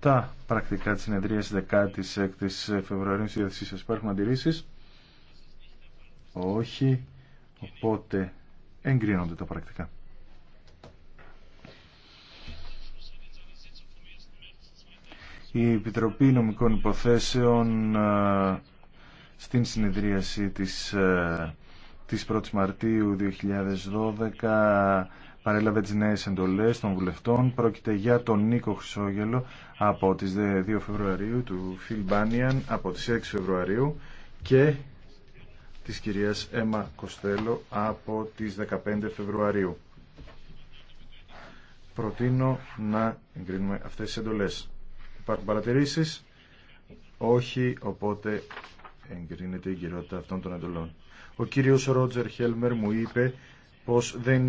Τα πρακτικά της συνεδρίας 16ης Φεβρουαρίου της διάθεσή σας υπάρχουν αντιρρήσεις. Όχι. Οπότε εγκρίνονται τα πρακτικά. Η Επιτροπή Νομικών Υποθέσεων ε, στην συνεδρίαση της ε, της 1 Μαρτίου 2012 παρέλαβε τις νέες εντολές των βουλευτών. Πρόκειται για τον Νίκο Χρυσόγελο από τις 2 Φεβρουαρίου, του Φιλ Μπάνιαν από τις 6 Φεβρουαρίου και της κυρίας Έμα Κοστέλο από τις 15 Φεβρουαρίου. Προτείνω να εγκρίνουμε αυτές τις εντολές. Υπάρχουν παρατηρήσεις. Όχι, οπότε εγκρίνουμε την κυριότητα αυτών των εντολών. Ο κύριος Ρότζερ Χέλμερ μου είπε πως δεν